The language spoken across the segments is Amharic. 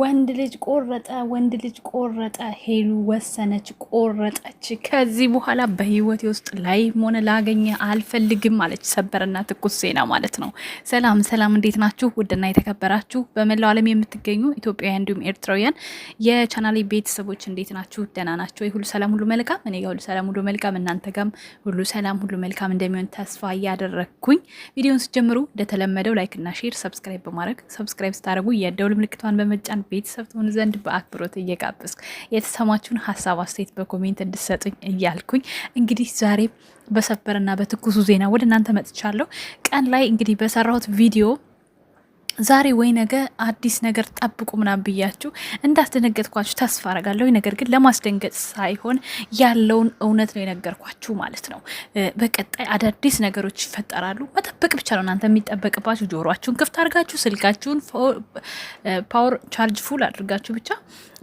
ወንድ ልጅ ቆረጠ፣ ወንድ ልጅ ቆረጠ። ሄሉ ወሰነች፣ ቆረጠች። ከዚህ በኋላ በህይወቴ ውስጥ ላይ ሆነ ላገኘ አልፈልግም አለች። ሰበርና ትኩስ ዜና ማለት ነው። ሰላም ሰላም፣ እንዴት ናችሁ? ውድና የተከበራችሁ በመላው ዓለም የምትገኙ ኢትዮጵያውያን እንዲሁም ኤርትራውያን የቻናሌ ቤተሰቦች እንዴት ናችሁ? ደህና ናቸው? ሁሉ ሰላም፣ ሁሉ መልካም። እኔ ሁሉ ሰላም፣ ሁሉ መልካም። እናንተ ጋም ሁሉ ሰላም፣ ሁሉ መልካም እንደሚሆን ተስፋ እያደረግኩኝ ቪዲዮን ስጀምሩ እንደተለመደው ላይክ እና ሼር፣ ሰብስክራይብ በማድረግ ሰብስክራይብ ስታደርጉ የደውል ምልክቷን በመጫ ቻናል ቤተሰብ ትሆኑ ዘንድ በአክብሮት እየጋበዝኩ የተሰማችሁን ሀሳብ አስተያየት በኮሜንት እንድሰጡኝ እያልኩኝ እንግዲህ ዛሬ በሰበርና በትኩሱ ዜና ወደ እናንተ መጥቻለሁ። ቀን ላይ እንግዲህ በሰራሁት ቪዲዮ ዛሬ ወይ ነገ አዲስ ነገር ጠብቁ ምናምን ብያችሁ እንዳስደነገጥኳችሁ ተስፋ አረጋለሁ። ነገር ግን ለማስደንገጥ ሳይሆን ያለውን እውነት ነው የነገርኳችሁ ማለት ነው። በቀጣይ አዳዲስ ነገሮች ይፈጠራሉ። መጠበቅ ብቻ ነው እናንተ የሚጠበቅባችሁ። ጆሯችሁን ክፍት አድርጋችሁ ስልካችሁን ፓወር ቻርጅ ፉል አድርጋችሁ ብቻ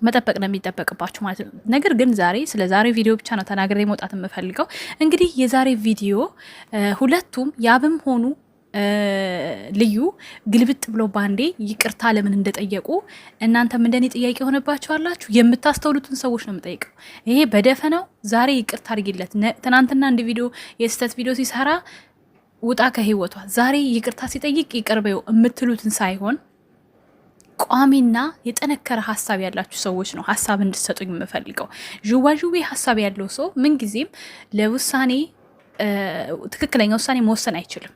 መጠበቅ ነው የሚጠበቅባችሁ ማለት ነው። ነገር ግን ዛሬ ስለ ዛሬ ቪዲዮ ብቻ ነው ተናግሬ መውጣት የምፈልገው። እንግዲህ የዛሬ ቪዲዮ ሁለቱም ያብም ሆኑ ልዩ ግልብጥ ብሎ ባንዴ ይቅርታ ለምን እንደጠየቁ እናንተም እንደኔ ጥያቄ የሆነባችሁ አላችሁ። የምታስተውሉትን ሰዎች ነው የምጠይቀው። ይሄ በደፈናው ዛሬ ይቅርታ አድርጊለት፣ ትናንትና እንድ ቪዲዮ የስህተት ቪዲዮ ሲሰራ ውጣ ከህይወቷ፣ ዛሬ ይቅርታ ሲጠይቅ ይቅርበው የምትሉትን ሳይሆን ቋሚና የጠነከረ ሀሳብ ያላችሁ ሰዎች ነው ሀሳብ እንድትሰጡኝ የምፈልገው። ዥዋዥዌ ሀሳብ ያለው ሰው ምንጊዜም ለውሳኔ ትክክለኛ ውሳኔ መወሰን አይችልም።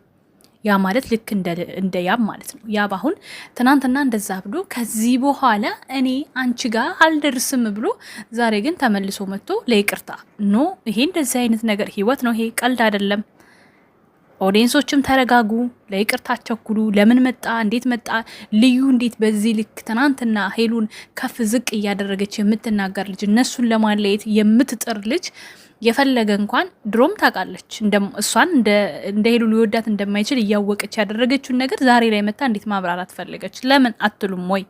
ያ ማለት ልክ እንደ ያብ ማለት ነው። ያብ አሁን ትናንትና እንደዛ ብሎ ከዚህ በኋላ እኔ አንቺ ጋር አልደርስም ብሎ ዛሬ ግን ተመልሶ መጥቶ ለይቅርታ ኖ ይሄ እንደዚህ አይነት ነገር ህይወት ነው። ይሄ ቀልድ አይደለም። ኦዲየንሶችም ተረጋጉ፣ ለይቅርታ አቸኩሉ። ለምን መጣ? እንዴት መጣ? ልዩ እንዴት በዚህ ልክ ትናንትና ሄሉን ከፍ ዝቅ እያደረገች የምትናገር ልጅ፣ እነሱን ለማለየት የምትጥር ልጅ የፈለገ እንኳን ድሮም ታውቃለች እሷን እንደ ሄሉ ሊወዳት እንደማይችል እያወቀች ያደረገችውን ነገር ዛሬ ላይ መታ እንዴት ማብራራት ፈለገች? ለምን አትሉም ወይ?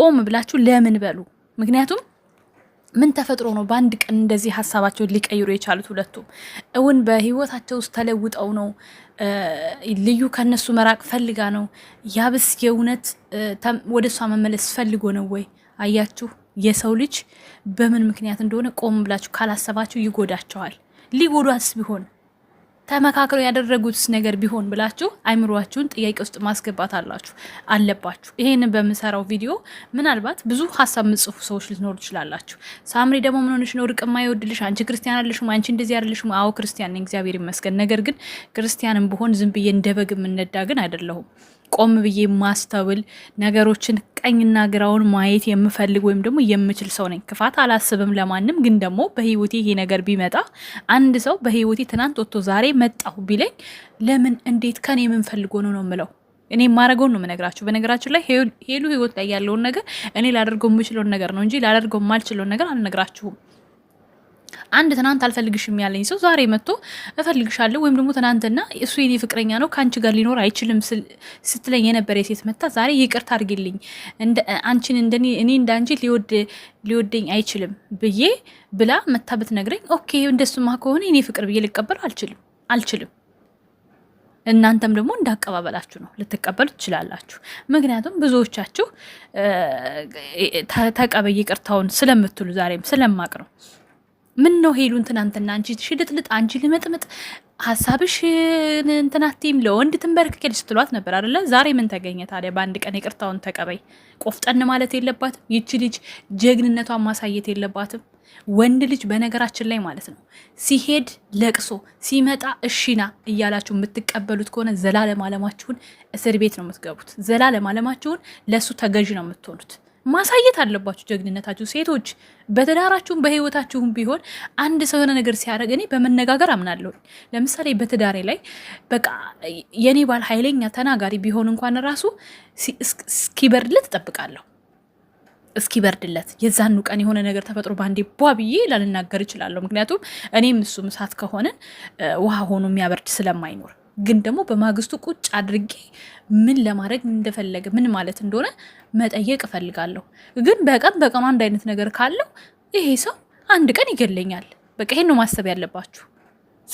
ቆም ብላችሁ ለምን በሉ። ምክንያቱም ምን ተፈጥሮ ነው በአንድ ቀን እንደዚህ ሀሳባቸውን ሊቀይሩ የቻሉት? ሁለቱም እውን በህይወታቸው ውስጥ ተለውጠው ነው? ልዩ ከነሱ መራቅ ፈልጋ ነው? ያብስ የእውነት ወደ እሷ መመለስ ፈልጎ ነው ወይ? አያችሁ፣ የሰው ልጅ በምን ምክንያት እንደሆነ ቆም ብላችሁ ካላሰባችሁ ይጎዳቸዋል። ሊጎዷስ ቢሆን ተመካክረው ያደረጉት ነገር ቢሆን ብላችሁ አይምሯችሁን ጥያቄ ውስጥ ማስገባት አላችሁ አለባችሁ። ይሄንን በምሰራው ቪዲዮ ምናልባት ብዙ ሀሳብ ምጽፉ ሰዎች ልትኖሩ ትችላላችሁ። ሳምሪ ደግሞ ምን ሆነሽ ነው? ርቅማ ይወድልሽ አንቺ ክርስቲያን አለሽም አንቺ እንደዚህ አለሽም። አዎ ክርስቲያን ነኝ እግዚአብሔር ይመስገን። ነገር ግን ክርስቲያንም ብሆን ዝም ብዬ እንደበግ የምነዳ ግን አይደለሁም። ቆም ብዬ ማስተውል ነገሮችን ቀኝና ግራውን ማየት የምፈልግ ወይም ደግሞ የምችል ሰው ነኝ። ክፋት አላስብም ለማንም። ግን ደግሞ በህይወቴ ይሄ ነገር ቢመጣ አንድ ሰው በህይወቴ ትናንት ወጥቶ ዛሬ መጣሁ ቢለኝ ለምን እንዴት ከኔ የምንፈልጎ ነው ነው ምለው። እኔ ማድረገውን ነው የምነግራችሁ። በነገራችሁ ላይ ሄሉ ህይወት ላይ ያለውን ነገር እኔ ላደርገው የምችለውን ነገር ነው እንጂ ላደርገው የማልችለውን ነገር አልነግራችሁም። አንድ ትናንት አልፈልግሽም ያለኝ ሰው ዛሬ መጥቶ እፈልግሻለሁ ወይም ደግሞ ትናንትና እሱ የኔ ፍቅረኛ ነው ከአንቺ ጋር ሊኖር አይችልም ስትለኝ የነበረ የሴት መታ ዛሬ ይቅርታ አድርጊልኝ አንቺን እኔ እንደ አንቺ ሊወድ ሊወደኝ አይችልም ብዬ ብላ መታ ብትነግረኝ ኦኬ እንደሱማ ከሆነ የኔ ፍቅር ብዬ ልቀበለው አልችልም አልችልም እናንተም ደግሞ እንዳቀባበላችሁ ነው ልትቀበሉ ትችላላችሁ። ምክንያቱም ብዙዎቻችሁ ተቀበይ ይቅርታውን ስለምትሉ ዛሬም ስለማቅ ነው። ምን ነው ሄሉን ትናንትና አንቺ ሽልጥልጥ አንቺ ልመጥምጥ ሀሳብሽ እንትናቲም ለወንድ ትንበርክኬል ስትሏት ነበር አደለ? ዛሬ ምን ተገኘ ታዲያ? በአንድ ቀን ይቅርታውን ተቀበይ። ቆፍጠን ማለት የለባትም ይቺ ልጅ፣ ጀግንነቷን ማሳየት የለባትም። ወንድ ልጅ በነገራችን ላይ ማለት ነው ሲሄድ ለቅሶ ሲመጣ እሺና እያላችሁ የምትቀበሉት ከሆነ ዘላለም አለማችሁን እስር ቤት ነው የምትገቡት። ዘላለም አለማችሁን ለእሱ ተገዥ ነው የምትሆኑት። ማሳየት አለባችሁ ጀግንነታችሁ። ሴቶች በትዳራችሁም በህይወታችሁም ቢሆን አንድ ሰው የሆነ ነገር ሲያደርግ እኔ በመነጋገር አምናለሁ። ለምሳሌ በትዳሬ ላይ በቃ የኔ ባል ኃይለኛ ተናጋሪ ቢሆን እንኳን ራሱ እስኪበርድለት እጠብቃለሁ እስኪበርድለት የዛኑ ቀን የሆነ ነገር ተፈጥሮ በአንዴ ቧ ብዬ ላልናገር እችላለሁ። ምክንያቱም እኔም እሱም እሳት ከሆነ ውሃ ሆኖ የሚያበርድ ስለማይኖር ግን ደግሞ በማግስቱ ቁጭ አድርጌ ምን ለማድረግ እንደፈለገ ምን ማለት እንደሆነ መጠየቅ እፈልጋለሁ። ግን በቀን በቀኑ አንድ አይነት ነገር ካለው ይሄ ሰው አንድ ቀን ይገለኛል። በቃ ይሄን ነው ማሰብ ያለባችሁ።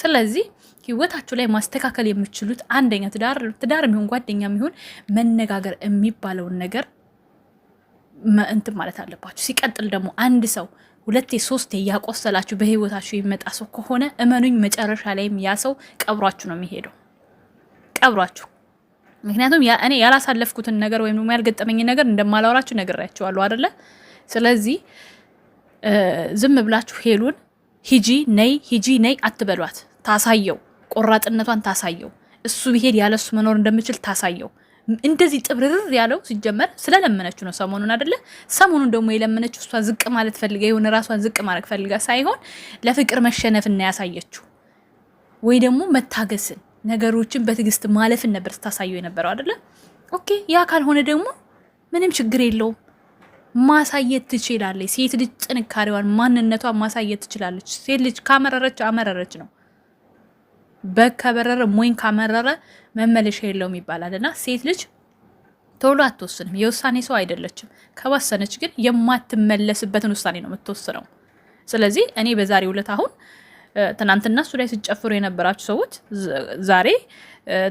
ስለዚህ ህይወታችሁ ላይ ማስተካከል የምችሉት አንደኛ ትዳር ትዳር የሚሆን ጓደኛ የሚሆን መነጋገር የሚባለውን ነገር እንትን ማለት አለባችሁ። ሲቀጥል ደግሞ አንድ ሰው ሁለቴ ሶስቴ እያቆሰላችሁ በህይወታችሁ የሚመጣ ሰው ከሆነ እመኑኝ መጨረሻ ላይም ያ ሰው ቀብሯችሁ ነው የሚሄደው። አብሯችሁ ምክንያቱም እኔ ያላሳለፍኩትን ነገር ወይም ደግሞ ያልገጠመኝን ነገር እንደማላወራችሁ ነግሬያችኋለሁ አደለ? ስለዚህ ዝም ብላችሁ ሄሉን ሂጂ ነይ ሂጂ ነይ አትበሏት። ታሳየው፣ ቆራጥነቷን ታሳየው። እሱ ቢሄድ ያለሱ መኖር እንደምችል ታሳየው። እንደዚህ ጥብርር ያለው ሲጀመር ስለለመነችው ነው ሰሞኑን አደለ? ሰሞኑን ደግሞ የለመነችው እሷ ዝቅ ማለት ፈልጋ የሆነ ራሷን ዝቅ ማድረግ ፈልጋ ሳይሆን ለፍቅር መሸነፍና ያሳየችው ወይ ደግሞ መታገስን ነገሮችን በትዕግስት ማለፍን ነበር ስታሳየው የነበረው አደለ? ኦኬ ያ ካልሆነ ደግሞ ምንም ችግር የለውም። ማሳየት ትችላለች። ሴት ልጅ ጥንካሬዋን፣ ማንነቷን ማሳየት ትችላለች። ሴት ልጅ ካመረረች አመረረች ነው። በግ ከበረረ ሞይን ካመረረ መመለሻ የለውም ይባላል እና ሴት ልጅ ቶሎ አትወስንም። የውሳኔ ሰው አይደለችም። ከወሰነች ግን የማትመለስበትን ውሳኔ ነው የምትወስነው። ስለዚህ እኔ በዛሬው ዕለት አሁን ትናንትና እሱ ላይ ሲጨፍሩ የነበራችሁ ሰዎች ዛሬ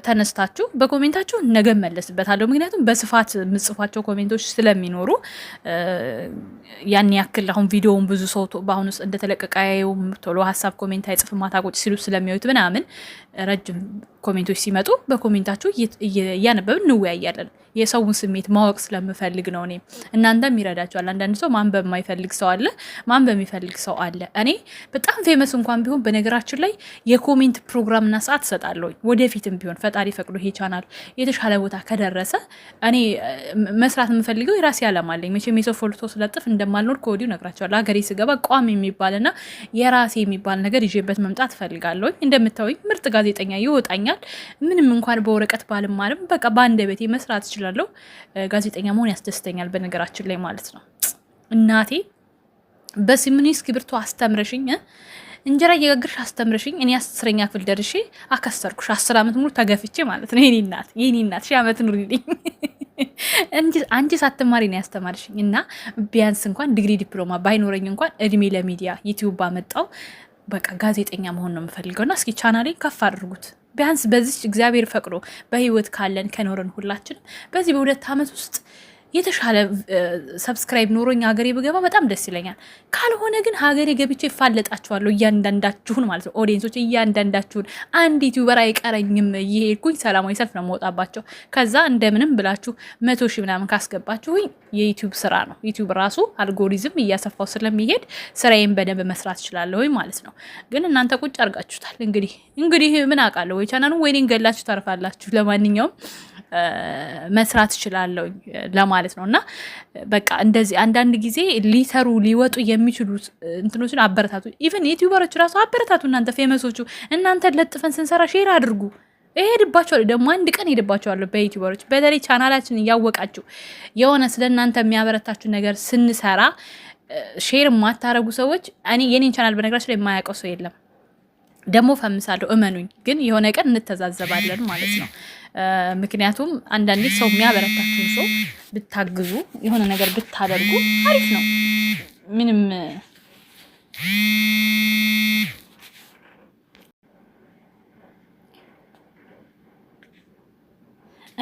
ተነስታችሁ በኮሜንታችሁ ነገ መለስበታለሁ። ምክንያቱም በስፋት የምጽፏቸው ኮሜንቶች ስለሚኖሩ ያን ያክል አሁን ቪዲዮውን ብዙ ሰው በአሁኑ ውስጥ እንደተለቀቀ ቶሎ ሀሳብ ኮሜንት አይጽፍ ማታቆጭ ሲሉ ስለሚያዩት ምናምን ረጅም ኮሜንቶች ሲመጡ በኮሜንታችሁ እያነበብን እንወያያለን። የሰውን ስሜት ማወቅ ስለምፈልግ ነው። እኔ እናንተም ይረዳቸዋል። አንዳንድ ሰው ማንበብ የማይፈልግ ሰው አለ፣ ማንበብ የሚፈልግ ሰው አለ። እኔ በጣም ፌመስ እንኳን ቢሆን በነገራችን ላይ የኮሜንት ፕሮግራምና ሰዓት እሰጣለሁ ወደፊትም ቢሆን ፈጣሪ ፈቅዶ ይሄ ቻናል የተሻለ ቦታ ከደረሰ እኔ መስራት የምፈልገው የራሴ አለኝ። መቼም የሰው ፎልቶ ስለጥፍ እንደማልኖር ከወዲሁ ነግራቸዋል። ሀገሬ ስገባ ቋሚ የሚባልና የራሴ የሚባል ነገር ይዤበት መምጣት እፈልጋለሁ። እንደምታወኝ ምርጥ ጋዜጠኛ ይወጣኛል። ምንም እንኳን በወረቀት ባልማርም በቃ ቤቴ መስራት እችላለሁ። ጋዜጠኛ መሆን ያስደስተኛል። በነገራችን ላይ ማለት ነው እናቴ በሲሚኒ እስክሪብቶ አስተምረሽኝ እንጀራ እየጋገርሽ አስተምርሽኝ እኔ አስረኛ ክፍል ደርሼ አከሰርኩሽ። አስር ዓመት ሙሉ ተገፍቼ ማለት ነው። የኔ እናት የኔ እናት ሺህ ዓመት ኑሪልኝ። አንቺ ሳትማሪ ነው ያስተማርሽኝ እና ቢያንስ እንኳን ዲግሪ ዲፕሎማ ባይኖረኝ እንኳን እድሜ ለሚዲያ ዩቲዩብ ባመጣው በቃ ጋዜጠኛ መሆን ነው የምፈልገው። እና እስኪ ቻናሌን ከፍ አድርጉት ቢያንስ በዚች እግዚአብሔር ፈቅዶ በህይወት ካለን ከኖረን ሁላችንም በዚህ በሁለት ዓመት ውስጥ የተሻለ ሰብስክራይብ ኖሮኝ ሀገሬ ብገባ በጣም ደስ ይለኛል። ካልሆነ ግን ሀገሬ ገብቼ ይፋለጣችኋለሁ፣ እያንዳንዳችሁን ማለት ነው። ኦዲየንሶች እያንዳንዳችሁን አንድ ዩቲዩበር አይቀረኝም። እየሄድኩኝ ሰላማዊ ሰልፍ ነው መወጣባቸው። ከዛ እንደምንም ብላችሁ መቶ ሺህ ምናምን ካስገባችሁኝ የዩቲዩብ ስራ ነው። ዩቲዩብ ራሱ አልጎሪዝም እያሰፋው ስለሚሄድ ስራዬን በደንብ መስራት እችላለሁ ማለት ነው። ግን እናንተ ቁጭ አድርጋችሁታል። እንግዲህ እንግዲህ ምን አውቃለሁ፣ ወይ ቻናሉ ወይኔን ገላችሁ ታርፋላችሁ። ለማንኛውም መስራት እችላለሁ ለማለት ማለት ነው። እና በቃ እንደዚህ አንዳንድ ጊዜ ሊሰሩ ሊወጡ የሚችሉ እንትኖችን አበረታቱ። ኢቨን ዩቲዩበሮች ራሱ አበረታቱ። እናንተ ፌመሶቹ እናንተን ለጥፈን ስንሰራ ሼር አድርጉ። እሄድባቸዋለሁ ደግሞ አንድ ቀን እሄድባቸዋለሁ። በዩቲዩበሮች በተለይ ቻናላችን እያወቃችሁ የሆነ ስለ እናንተ የሚያበረታችሁ ነገር ስንሰራ ሼር የማታረጉ ሰዎች እኔ የኔን ቻናል በነገራችን ላይ የማያውቀው ሰው የለም። ደግሞ ፈምሳለሁ፣ እመኑኝ። ግን የሆነ ቀን እንተዛዘባለን ማለት ነው። ምክንያቱም አንዳንዴ ሰው የሚያበረታችሁን ሰው ብታግዙ የሆነ ነገር ብታደርጉ አሪፍ ነው። ምንም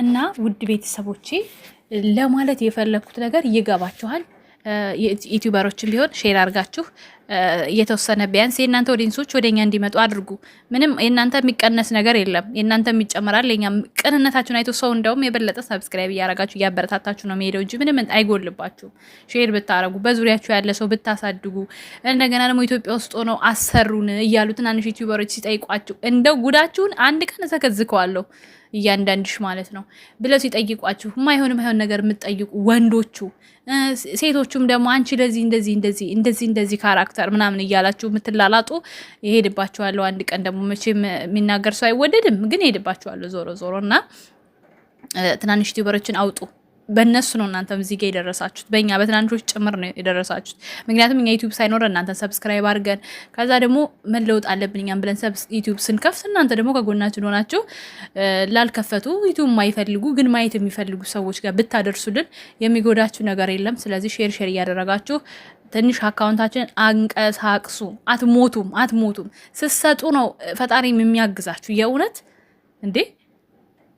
እና ውድ ቤተሰቦቼ ለማለት የፈለግኩት ነገር ይገባችኋል። ዩቲዩበሮችን ቢሆን ሼር አድርጋችሁ የተወሰነ ቢያንስ የእናንተ ኦዲንሶች ወደ እኛ እንዲመጡ አድርጉ። ምንም የእናንተ የሚቀነስ ነገር የለም፣ የእናንተ የሚጨምራል። ኛ ቅንነታችሁን አይቶ ሰው እንደውም የበለጠ ሰብስክራይብ እያረጋችሁ እያበረታታችሁ ነው የሚሄደው እንጂ ምንም አይጎልባችሁም። ሼር ብታረጉ፣ በዙሪያችሁ ያለ ሰው ብታሳድጉ፣ እንደገና ደግሞ ኢትዮጵያ ውስጥ ሆነው አሰሩን እያሉ ትናንሽ ዩቲዩበሮች ሲጠይቋችሁ እንደው ጉዳችሁን አንድ ቀን እሰከዝከዋለሁ እያንዳንድሽ ማለት ነው ብለው ሲጠይቋችሁ ማይሆን ማይሆን ነገር የምትጠይቁ ወንዶቹ፣ ሴቶቹም ደግሞ አንቺ ለዚህ እንደዚህ እንደዚህ እንደዚህ እንደዚህ ካራክተር ፓስተር ምናምን እያላችሁ የምትላላጡ ይሄድባችኋለሁ። አንድ ቀን ደግሞ መቼ የሚናገር ሰው አይወደድም፣ ግን ይሄድባችኋለሁ ዞሮ ዞሮ እና ትናንሽ ዩቲዩበሮችን አውጡ። በእነሱ ነው እናንተም እዚህ ጋር የደረሳችሁት፣ በእኛ በትናንሾች ጭምር ነው የደረሳችሁት። ምክንያቱም እኛ ዩቲዩብ ሳይኖረ እናንተ ሰብስክራይብ አድርገን ከዛ ደግሞ መለወጥ አለብን እኛም ብለን ዩቲዩብ ስንከፍት እናንተ ደግሞ ከጎናችን ሆናችሁ ላልከፈቱ ዩቲዩብ ማይፈልጉ ግን ማየት የሚፈልጉ ሰዎች ጋር ብታደርሱልን የሚጎዳችሁ ነገር የለም። ስለዚህ ሼር ሼር እያደረጋችሁ ትንሽ አካውንታችንን አንቀሳቅሱ። አትሞቱም፣ አትሞቱም። ስትሰጡ ነው ፈጣሪም የሚያግዛችሁ የእውነት እንዴ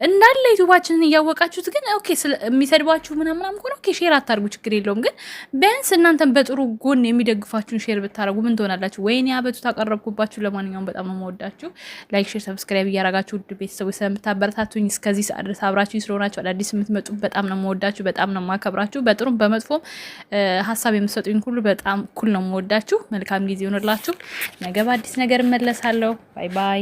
እንዳለ ዩቱባችንን እያወቃችሁት ግን ኦኬ የሚሰድባችሁ ምናምናም ከሆነ ኦኬ ሼር አታርጉ፣ ችግር የለውም። ግን ቢያንስ እናንተን በጥሩ ጎን የሚደግፋችሁን ሼር ብታረጉ ምን ትሆናላችሁ? ወይኔ አበቱ ታቀረብኩባችሁ። ለማንኛውም በጣም ነው የምወዳችሁ። ላይክ፣ ሼር፣ ሰብስክራይብ እያረጋችሁ ውድ ቤተሰቦች ስለምታበረታቱኝ እስከዚህ ሰዓት ድረስ አብራችሁ ስለሆናችሁ አዳዲስ የምትመጡ በጣም ነው የምወዳችሁ፣ በጣም ነው የማከብራችሁ። በጥሩም በመጥፎም ሀሳብ የምትሰጡኝ ሁሉ በጣም ኩል ነው የምወዳችሁ። መልካም ጊዜ ይሆንላችሁ። ነገ በአዲስ ነገር እመለሳለሁ። ባይ ባይ።